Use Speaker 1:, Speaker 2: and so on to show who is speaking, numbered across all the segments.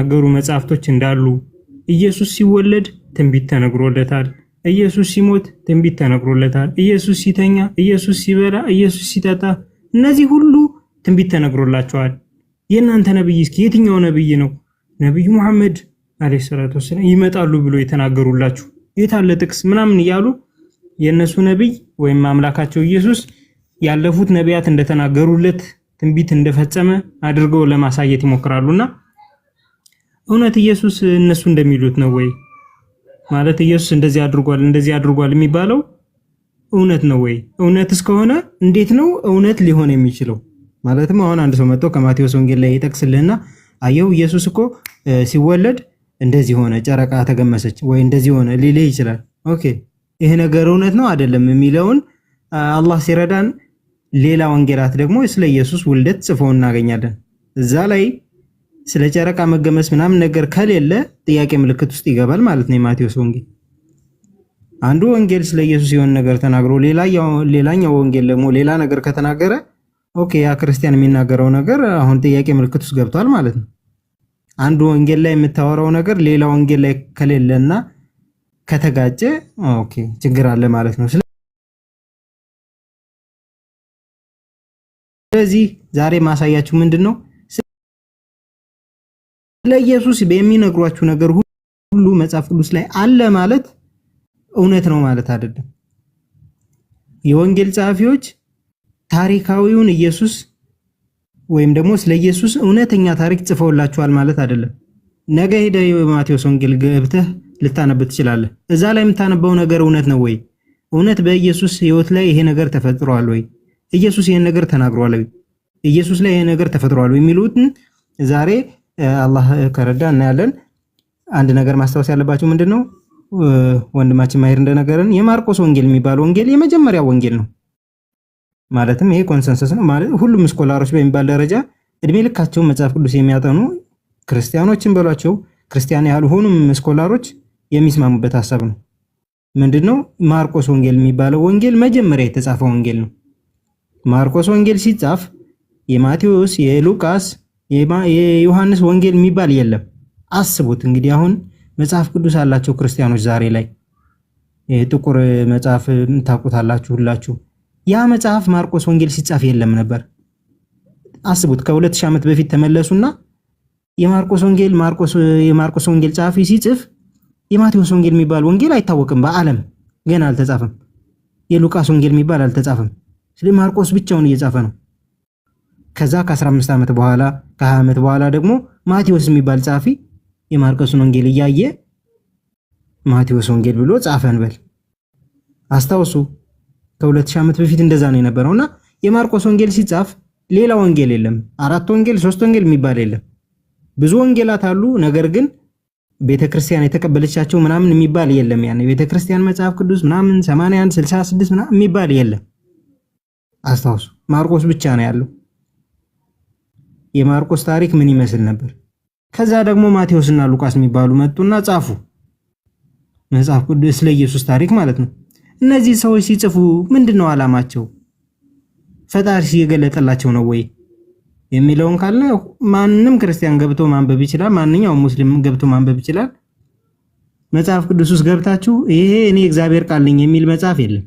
Speaker 1: የሚናገሩ መጽሐፍቶች እንዳሉ፣ ኢየሱስ ሲወለድ ትንቢት ተነግሮለታል፣ ኢየሱስ ሲሞት ትንቢት ተነግሮለታል፣ ኢየሱስ ሲተኛ፣ ኢየሱስ ሲበላ፣ ኢየሱስ ሲጠጣ፣ እነዚህ ሁሉ ትንቢት ተነግሮላቸዋል። የእናንተ ነብይ እስኪ የትኛው ነብይ ነው ነብዩ መሐመድ አለይሂ ሰላቱ ወሰለም ይመጣሉ ብሎ የተናገሩላችሁ የታለ ጥቅስ ምናምን እያሉ የእነሱ ነብይ ወይም አምላካቸው ኢየሱስ ያለፉት ነቢያት እንደተናገሩለት ትንቢት እንደፈጸመ አድርገው ለማሳየት ይሞክራሉና እውነት ኢየሱስ እነሱ እንደሚሉት ነው ወይ? ማለት ኢየሱስ እንደዚህ አድርጓል እንደዚህ አድርጓል የሚባለው እውነት ነው ወይ? እውነትስ ከሆነ እንዴት ነው እውነት ሊሆን የሚችለው? ማለትም አሁን አንድ ሰው መጥቶ ከማቴዎስ ወንጌል ላይ ይጠቅስልህና አየው ኢየሱስ እኮ ሲወለድ እንደዚህ ሆነ፣ ጨረቃ ተገመሰች ወይ እንደዚህ ሆነ ሊልህ ይችላል። ኦኬ ይህ ነገር እውነት ነው አይደለም የሚለውን አላህ ሲረዳን ሌላ ወንጌላት ደግሞ ስለ ኢየሱስ ውልደት ጽፈው እናገኛለን እዛ ላይ ስለ ጨረቃ መገመስ ምናምን ነገር ከሌለ ጥያቄ ምልክት ውስጥ ይገባል ማለት ነው። የማቴዎስ ወንጌል አንዱ ወንጌል ስለ ኢየሱስ የሆነ ነገር ተናግሮ ሌላኛው ወንጌል ደግሞ ሌላ ነገር ከተናገረ ኦኬ፣ ያ ክርስቲያን የሚናገረው ነገር አሁን ጥያቄ ምልክት ውስጥ ገብቷል ማለት ነው። አንዱ ወንጌል ላይ የምታወራው ነገር ሌላ ወንጌል ላይ ከሌለና ከተጋጨ ኦኬ፣ ችግር አለ ማለት ነው። ስለዚህ ዛሬ ማሳያችሁ ምንድን ነው? ስለ ኢየሱስ የሚነግሯችሁ ነገር ሁሉ መጽሐፍ ቅዱስ ላይ አለ ማለት እውነት ነው ማለት አይደለም። የወንጌል ጸሐፊዎች ታሪካዊውን ኢየሱስ ወይም ደግሞ ስለ ኢየሱስ እውነተኛ ታሪክ ጽፈውላችኋል ማለት አይደለም። ነገ ሄደ የማቴዎስ ወንጌል ገብተህ ልታነብ ትችላለህ። እዛ ላይ የምታነበው ነገር እውነት ነው ወይ? እውነት በኢየሱስ ህይወት ላይ ይሄ ነገር ተፈጥሯል ወይ? ኢየሱስ ይሄን ነገር ተናግሯል ወይ? ኢየሱስ ላይ ይሄ ነገር ተፈጥሯል ወይ? የሚሉትን ዛሬ አላህ ከረዳ እናያለን። አንድ ነገር ማስታወስ ያለባችሁ ምንድን ነው ወንድማችን ማሄር እንደነገረን የማርቆስ ወንጌል የሚባል ወንጌል የመጀመሪያ ወንጌል ነው። ማለትም ይሄ ኮንሰንሰስ ነው ማለት ሁሉም ስኮላሮች በሚባል ደረጃ እድሜ ልካቸውን መጽሐፍ ቅዱስ የሚያጠኑ ክርስቲያኖችን በሏቸው ክርስቲያን ያልሆኑም ስኮላሮች የሚስማሙበት ሀሳብ ነው። ምንድን ነው ማርቆስ ወንጌል የሚባለው ወንጌል መጀመሪያ የተጻፈ ወንጌል ነው። ማርቆስ ወንጌል ሲጻፍ የማቴዎስ የሉቃስ የዮሐንስ ወንጌል የሚባል የለም። አስቡት እንግዲህ አሁን መጽሐፍ ቅዱስ አላቸው ክርስቲያኖች ዛሬ ላይ ጥቁር መጽሐፍ ታውቁታላችሁ ሁላችሁ። ያ መጽሐፍ ማርቆስ ወንጌል ሲጻፍ የለም ነበር። አስቡት ከሁለት ሺህ ዓመት በፊት ተመለሱና የማርቆስ ወንጌል ማርቆስ የማርቆስ ወንጌል ጸሐፊ ሲጽፍ የማቴዎስ ወንጌል የሚባል ወንጌል አይታወቅም። በዓለም ገና አልተጻፈም። የሉቃስ ወንጌል የሚባል አልተጻፈም። ስለዚህ ማርቆስ ብቻውን እየጻፈ ነው። ከዛ ከ15 ዓመት በኋላ ከ20 ዓመት በኋላ ደግሞ ማቴዎስ የሚባል ጻፊ የማርቆስን ወንጌል እያየ ማቴዎስ ወንጌል ብሎ ጻፈ እንበል። አስታውሱ ከ2000 ዓመት በፊት እንደዛ ነው የነበረውና የማርቆስ ወንጌል ሲጻፍ ሌላ ወንጌል የለም። አራት ወንጌል ሶስት ወንጌል የሚባል የለም። ብዙ ወንጌላት አሉ፣ ነገር ግን ቤተክርስቲያን የተቀበለቻቸው ምናምን የሚባል የለም። ያን የቤተክርስቲያን መጽሐፍ ቅዱስ ምናምን 81 66 ምናምን የሚባል የለም። አስታውሱ ማርቆስ ብቻ ነው ያለው። የማርቆስ ታሪክ ምን ይመስል ነበር? ከዛ ደግሞ ማቴዎስና ሉቃስ የሚባሉ መጡና ጻፉ። መጽሐፍ ቅዱስ ስለ ኢየሱስ ታሪክ ማለት ነው። እነዚህ ሰዎች ሲጽፉ ምንድን ነው ዓላማቸው? ፈጣሪ የገለጠላቸው ነው ወይ የሚለውን ካለ ማንም ክርስቲያን ገብቶ ማንበብ ይችላል። ማንኛውም ሙስሊም ገብቶ ማንበብ ይችላል። መጽሐፍ ቅዱስ ውስጥ ገብታችሁ ይሄ እኔ እግዚአብሔር ቃል ነኝ የሚል መጽሐፍ የለም።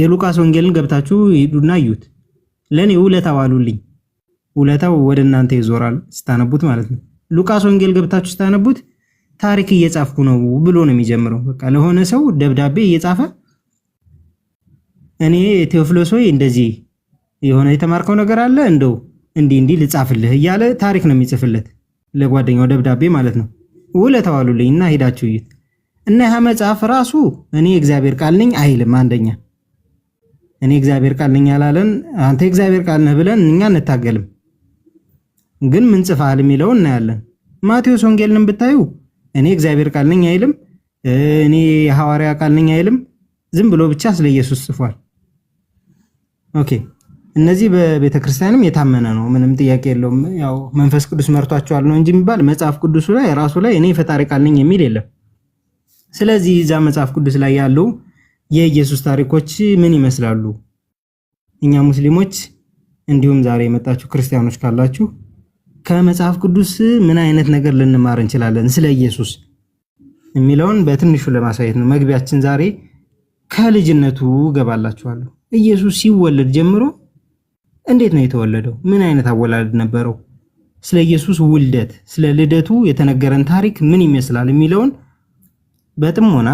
Speaker 1: የሉቃስ ወንጌልን ገብታችሁ ሂዱና እዩት። ለእኔ ውለታ ዋሉልኝ ውለታው ወደ እናንተ ይዞራል ስታነቡት ማለት ነው። ሉቃስ ወንጌል ገብታችሁ ስታነቡት ታሪክ እየጻፍኩ ነው ብሎ ነው የሚጀምረው። በቃ ለሆነ ሰው ደብዳቤ እየጻፈ እኔ ቴዎፍሎስ ወይ እንደዚህ የሆነ የተማርከው ነገር አለ እንደው እንዲህ እንዲህ ልጻፍልህ እያለ ታሪክ ነው የሚጽፍለት ለጓደኛው ደብዳቤ ማለት ነው። ውለታው አሉልኝ እና ሄዳችሁ እዩት እና ያ መጽሐፍ ራሱ እኔ እግዚአብሔር ቃል ነኝ አይልም። አንደኛ እኔ እግዚአብሔር ቃል ነኝ አላለን። አንተ እግዚአብሔር ቃል ነህ ብለን እኛ እንታገልም። ግን ምን ጽፋል የሚለው እናያለን። ማቴዎስ ወንጌልን ብታዩ እኔ እግዚአብሔር ቃል ነኝ አይልም፣ እኔ የሐዋርያ ቃል ነኝ አይልም። ዝም ብሎ ብቻ ስለ ኢየሱስ ጽፏል። ኦኬ እነዚህ በቤተ ክርስቲያንም የታመነ ነው፣ ምንም ጥያቄ የለውም። ያው መንፈስ ቅዱስ መርቷቸዋል ነው እንጂ የሚባል መጽሐፍ ቅዱሱ ላይ ራሱ ላይ እኔ ፈጣሪ ቃል ነኝ የሚል የለም። ስለዚህ እዛ መጽሐፍ ቅዱስ ላይ ያሉ የኢየሱስ ታሪኮች ምን ይመስላሉ? እኛ ሙስሊሞች እንዲሁም ዛሬ የመጣችሁ ክርስቲያኖች ካላችሁ ከመጽሐፍ ቅዱስ ምን አይነት ነገር ልንማር እንችላለን ስለ ኢየሱስ የሚለውን በትንሹ ለማሳየት ነው መግቢያችን። ዛሬ ከልጅነቱ ገባላችኋለሁ። ኢየሱስ ሲወለድ ጀምሮ እንዴት ነው የተወለደው? ምን አይነት አወላለድ ነበረው? ስለ ኢየሱስ ውልደት፣ ስለ ልደቱ የተነገረን ታሪክ ምን ይመስላል የሚለውን በጥሞና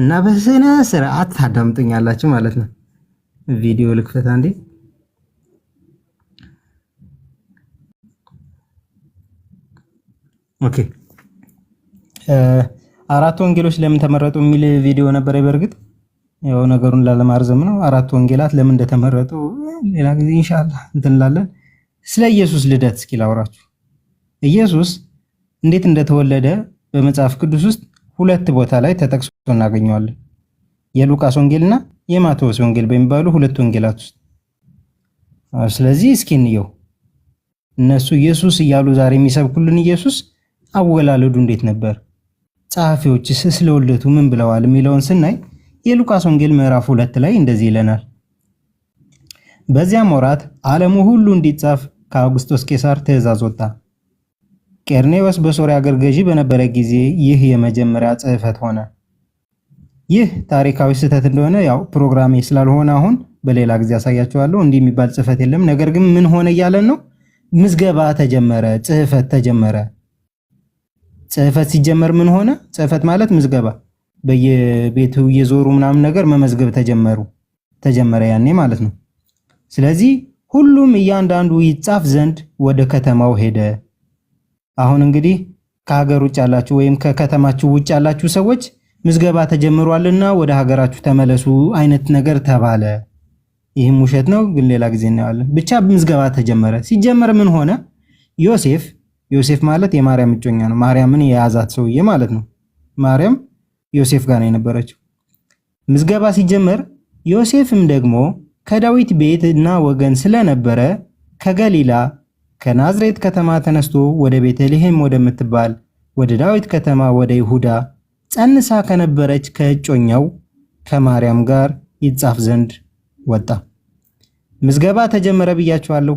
Speaker 1: እና በስነ ስርዓት ታዳምጡኛላችሁ ማለት ነው። ቪዲዮ ልክፈት አንዴ። ኦኬ አራት ወንጌሎች ለምን ተመረጡ የሚል ቪዲዮ ነበረ። በእርግጥ ያው ነገሩን ላለማርዘም ነው። አራት ወንጌላት ለምን እንደተመረጡ ሌላ ጊዜ ኢንሻአላህ እንትን ስለ ኢየሱስ ልደት እስኪ ላውራችሁ። ኢየሱስ እንዴት እንደተወለደ በመጽሐፍ ቅዱስ ውስጥ ሁለት ቦታ ላይ ተጠቅሶ እናገኘዋለን። የሉቃስ ወንጌልና የማቴዎስ ወንጌል በሚባሉ ሁለት ወንጌላት ውስጥ። ስለዚህ እስኪ እንየው። እነሱ ኢየሱስ እያሉ ዛሬ የሚሰብኩልን ኢየሱስ አወላለዱ እንዴት ነበር፣ ጸሐፊዎችስ ስለ ምን ብለዋል የሚለውን ስናይ የሉቃስ ወንጌል ምዕራፍ ሁለት ላይ እንደዚህ ይለናል። በዚያም ወራት ዓለሙ ሁሉ እንዲጻፍ ከአውግስጦስ ቄሳር ትእዛዝ ወጣ። ቄርኔዎስ በሶሪያ አገር ገዢ በነበረ ጊዜ ይህ የመጀመሪያ ጽሕፈት ሆነ። ይህ ታሪካዊ ስህተት እንደሆነ ያው ፕሮግራሜ ስላልሆነ አሁን በሌላ ጊዜ ያሳያችኋለሁ። እንዲህ የሚባል ጽሕፈት የለም። ነገር ግን ምን ሆነ እያለን ነው? ምዝገባ ተጀመረ፣ ጽሕፈት ተጀመረ። ጽህፈት ሲጀመር ምን ሆነ? ጽህፈት ማለት ምዝገባ፣ በየቤቱ እየዞሩ ምናምን ነገር መመዝገብ ተጀመሩ ተጀመረ ያኔ ማለት ነው። ስለዚህ ሁሉም እያንዳንዱ ይጻፍ ዘንድ ወደ ከተማው ሄደ። አሁን እንግዲህ ከሀገር ውጭ ያላችሁ ወይም ከከተማችሁ ውጭ ያላችሁ ሰዎች ምዝገባ ተጀምሯልና ወደ ሀገራችሁ ተመለሱ አይነት ነገር ተባለ። ይህም ውሸት ነው፣ ግን ሌላ ጊዜ እናየዋለን። ብቻ ምዝገባ ተጀመረ። ሲጀመር ምን ሆነ? ዮሴፍ ዮሴፍ ማለት የማርያም እጮኛ ነው። ማርያምን የያዛት ሰውዬ ማለት ነው። ማርያም ዮሴፍ ጋር ነው የነበረችው። ምዝገባ ሲጀመር ዮሴፍም ደግሞ ከዳዊት ቤት እና ወገን ስለነበረ ከገሊላ ከናዝሬት ከተማ ተነስቶ ወደ ቤተልሔም ወደምትባል ወደ ዳዊት ከተማ ወደ ይሁዳ ጸንሳ ከነበረች ከእጮኛው ከማርያም ጋር ይጻፍ ዘንድ ወጣ። ምዝገባ ተጀመረ ብያችኋለሁ።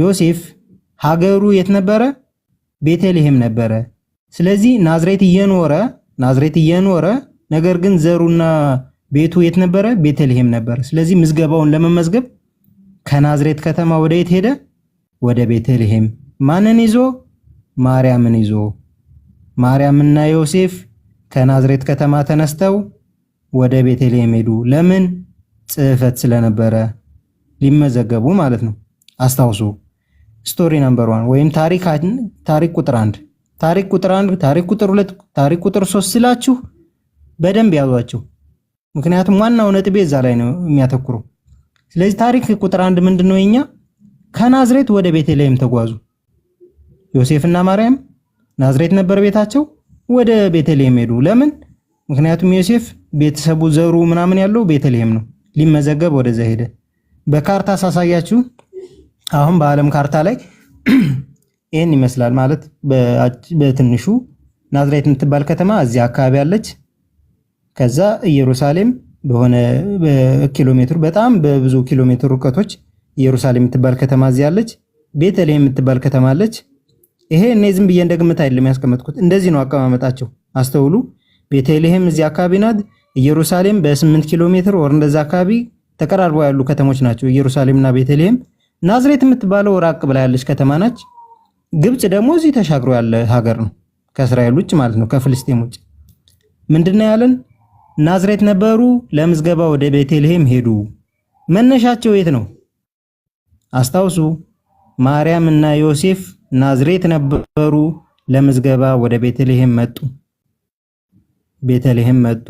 Speaker 1: ዮሴፍ ሀገሩ የት ነበረ? ቤተልሔም ነበረ። ስለዚህ ናዝሬት እየኖረ ናዝሬት እየኖረ ነገር ግን ዘሩና ቤቱ የት ነበረ? ቤተልሔም ነበረ። ስለዚህ ምዝገባውን ለመመዝገብ ከናዝሬት ከተማ ወደ የት ሄደ? ወደ ቤተልሔም። ማንን ይዞ? ማርያምን ይዞ። ማርያምና ዮሴፍ ከናዝሬት ከተማ ተነስተው ወደ ቤተልሔም ሄዱ። ለምን? ጽሕፈት ስለነበረ ሊመዘገቡ ማለት ነው። አስታውሱ። ስቶሪ ነምበር ዋን ወይም ታሪክ ታሪክ ቁጥር አንድ ታሪክ ቁጥር አንድ ታሪክ ቁጥር ሁለት ታሪክ ቁጥር ሶስት ስላችሁ በደንብ ያዟቸው። ምክንያቱም ዋናው ነጥብ እዛ ላይ ነው የሚያተኩረው። ስለዚህ ታሪክ ቁጥር አንድ ምንድን ነው? የኛ ከናዝሬት ወደ ቤተልሔም ተጓዙ። ዮሴፍና ማርያም ናዝሬት ነበር ቤታቸው፣ ወደ ቤተልሔም ሄዱ። ለምን? ምክንያቱም ዮሴፍ ቤተሰቡ ዘሩ ምናምን ያለው ቤተልሔም ነው፣ ሊመዘገብ ወደዛ ሄደ። በካርታ ሳሳያችሁ አሁን በዓለም ካርታ ላይ ይህን ይመስላል ማለት በትንሹ ናዝሬት የምትባል ከተማ እዚያ አካባቢ አለች። ከዛ ኢየሩሳሌም በሆነ ኪሎ ሜትሩ በጣም በብዙ ኪሎ ሜትር ርቀቶች ኢየሩሳሌም የምትባል ከተማ እዚያ አለች። ቤተልሔም የምትባል ከተማ አለች። ይሄ እኔ ዝም ብዬ እንደግምት አይደለም ያስቀመጥኩት፣ እንደዚህ ነው አቀማመጣቸው አስተውሉ። ቤተልሔም እዚያ አካባቢ ናት። ኢየሩሳሌም በ8 ኪሎ ሜትር ወር እንደዛ አካባቢ ተቀራርበው ያሉ ከተሞች ናቸው ኢየሩሳሌምና ቤተልሔም። ናዝሬት የምትባለው ራቅ ብላ ያለች ከተማ ናች። ግብፅ ደግሞ እዚህ ተሻግሮ ያለ ሀገር ነው፣ ከእስራኤል ውጭ ማለት ነው፣ ከፍልስጤም ውጭ። ምንድነው ያለን? ናዝሬት ነበሩ፣ ለምዝገባ ወደ ቤተልሔም ሄዱ። መነሻቸው የት ነው? አስታውሱ። ማርያም እና ዮሴፍ ናዝሬት ነበሩ፣ ለምዝገባ ወደ ቤተልሔም መጡ። ቤተልሔም መጡ፣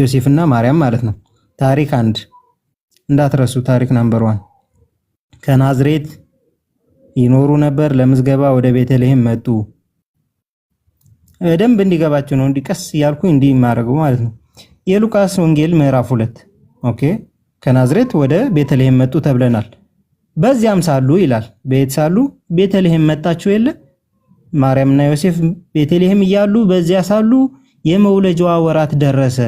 Speaker 1: ዮሴፍና ማርያም ማለት ነው። ታሪክ አንድ እንዳትረሱ። ታሪክ ናምበር ዋን ከናዝሬት ይኖሩ ነበር። ለምዝገባ ወደ ቤተልሔም መጡ። በደንብ እንዲገባቸው ነው እንዲቀስ እያልኩኝ እንዲህ የማደርገው ማለት ነው። የሉቃስ ወንጌል ምዕራፍ ሁለት ኦኬ። ከናዝሬት ወደ ቤተልሔም መጡ ተብለናል። በዚያም ሳሉ ይላል ቤት ሳሉ? ቤተልሔም መጣችሁ የለ ማርያምና ዮሴፍ ቤተልሔም እያሉ በዚያ ሳሉ የመውለጃዋ ወራት ደረሰ።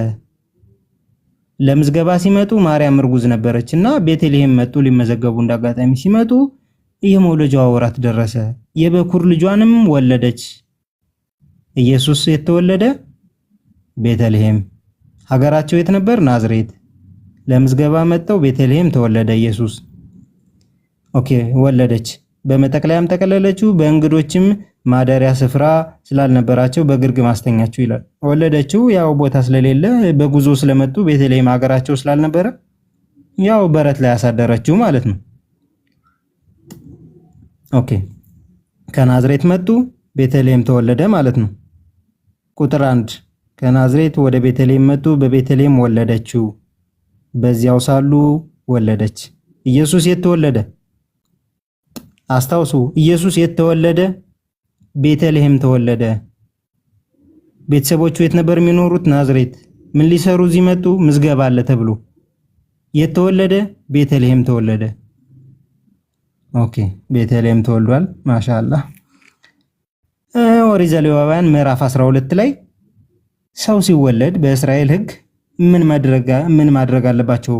Speaker 1: ለምዝገባ ሲመጡ ማርያም እርጉዝ ነበረች እና ቤተልሔም መጡ ሊመዘገቡ እንዳጋጣሚ ሲመጡ የመውለጃዋ ወራት ደረሰ። የበኩር ልጇንም ወለደች። ኢየሱስ የተወለደ ቤተልሔም፣ ሀገራቸው የት ነበር? ናዝሬት። ለምዝገባ መጠው ቤተልሔም ተወለደ ኢየሱስ። ኦኬ ወለደች። በመጠቅለያም ጠቀለለችው፣ በእንግዶችም ማደሪያ ስፍራ ስላልነበራቸው በግርግ ማስተኛቸው ይላል። ወለደችው ያው ቦታ ስለሌለ በጉዞ ስለመጡ ቤተልሔም ሀገራቸው ስላልነበረ ያው በረት ላይ ያሳደረችው ማለት ነው። ኦኬ ከናዝሬት መጡ፣ ቤተልሔም ተወለደ ማለት ነው። ቁጥር አንድ ከናዝሬት ወደ ቤተልሔም መጡ፣ በቤተልሔም ወለደችው። በዚያው ሳሉ ወለደች። ኢየሱስ የት ተወለደ? አስታውሱ። ኢየሱስ የት ተወለደ? ቤተልሔም ተወለደ። ቤተሰቦቹ የት ነበር የሚኖሩት? ናዝሬት። ምን ሊሰሩ እዚህ መጡ? ምዝገባ አለ ተብሎ። የት ተወለደ? ቤተልሔም ተወለደ። ኦኬ፣ ቤተልሔም ተወልዷል። ማሻአላ። ኦሪት ዘሌዋውያን ምዕራፍ 12 ላይ ሰው ሲወለድ በእስራኤል ሕግ ምን ማድረግ አለባቸው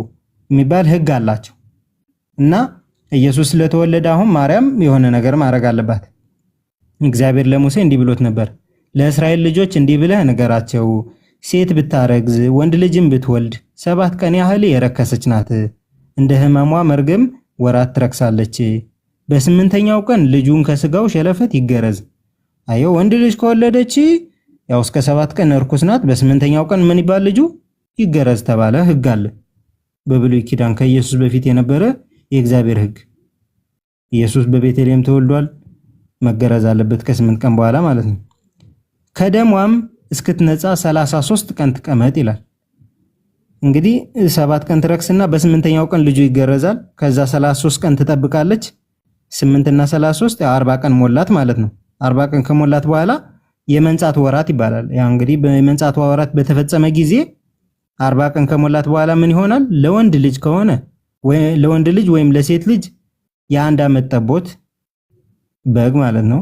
Speaker 1: የሚባል ሕግ አላቸው እና ኢየሱስ ስለተወለደ አሁን ማርያም የሆነ ነገር ማድረግ አለባት። እግዚአብሔር ለሙሴ እንዲህ ብሎት ነበር። ለእስራኤል ልጆች እንዲህ ብለህ ንገራቸው፣ ሴት ብታረግዝ ወንድ ልጅም ብትወልድ ሰባት ቀን ያህል የረከሰች ናት። እንደ ሕመሟ መርገም ወራት ትረክሳለች። በስምንተኛው ቀን ልጁን ከስጋው ሸለፈት ይገረዝ። አየ ወንድ ልጅ ከወለደች ያው እስከ ሰባት ቀን እርኩስ ናት። በስምንተኛው ቀን ምን ይባል ልጁ ይገረዝ ተባለ። ህግ አለ በብሉይ ኪዳን ከኢየሱስ በፊት የነበረ የእግዚአብሔር ህግ። ኢየሱስ በቤተልሔም ተወልዷል። መገረዝ አለበት ከስምንት ቀን በኋላ ማለት ነው። ከደሟም እስክትነጻ 33 ቀን ትቀመጥ ይላል። እንግዲህ ሰባት ቀን ትረክስና በስምንተኛው ቀን ልጁ ይገረዛል። ከዛ 33 ቀን ትጠብቃለች። ስምንትና እና 33 40 ቀን ሞላት ማለት ነው። 40 ቀን ከሞላት በኋላ የመንጻት ወራት ይባላል። ያ እንግዲህ የመንጻት ወራት በተፈጸመ ጊዜ 40 ቀን ከሞላት በኋላ ምን ይሆናል? ለወንድ ልጅ ከሆነ ለወንድ ልጅ ወይም ለሴት ልጅ የአንድ ዓመት ጠቦት በግ ማለት ነው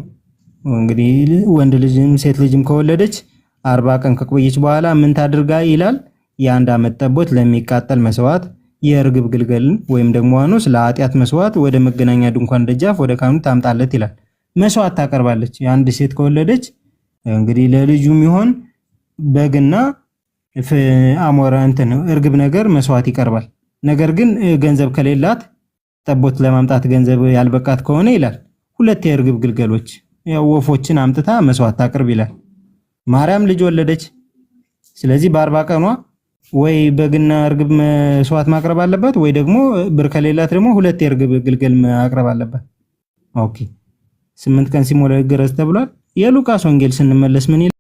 Speaker 1: እንግዲህ ወንድ ልጅም ሴት ልጅም ከወለደች አርባ ቀን ከቆየች በኋላ ምን ታድርጋ ይላል። የአንድ ዓመት ጠቦት ለሚቃጠል መስዋዕት፣ የእርግብ ግልገልን ወይም ደግሞ አኖስ ለኃጢአት መስዋዕት ወደ መገናኛ ድንኳን ደጃፍ ወደ ካህኑ ታምጣለት ይላል። መስዋዕት ታቀርባለች። የአንድ ሴት ከወለደች እንግዲህ ለልጁ የሚሆን በግና አሞራ እንትን እርግብ ነገር መስዋዕት ይቀርባል። ነገር ግን ገንዘብ ከሌላት ጠቦት ለማምጣት ገንዘብ ያልበቃት ከሆነ ይላል ሁለት የእርግብ ግልገሎች ያው ወፎችን አምጥታ መስዋዕት አቅርብ ይላል። ማርያም ልጅ ወለደች። ስለዚህ በአርባ ቀኗ ወይ በግና እርግብ መስዋዕት ማቅረብ አለባት፣ ወይ ደግሞ ብር ከሌላት ደግሞ ሁለት የእርግብ ግልገል ማቅረብ አለባት። ኦኬ ስምንት ቀን ሲሞላ ገረዝ ተብሏል። የሉቃስ ወንጌል ስንመለስ ምን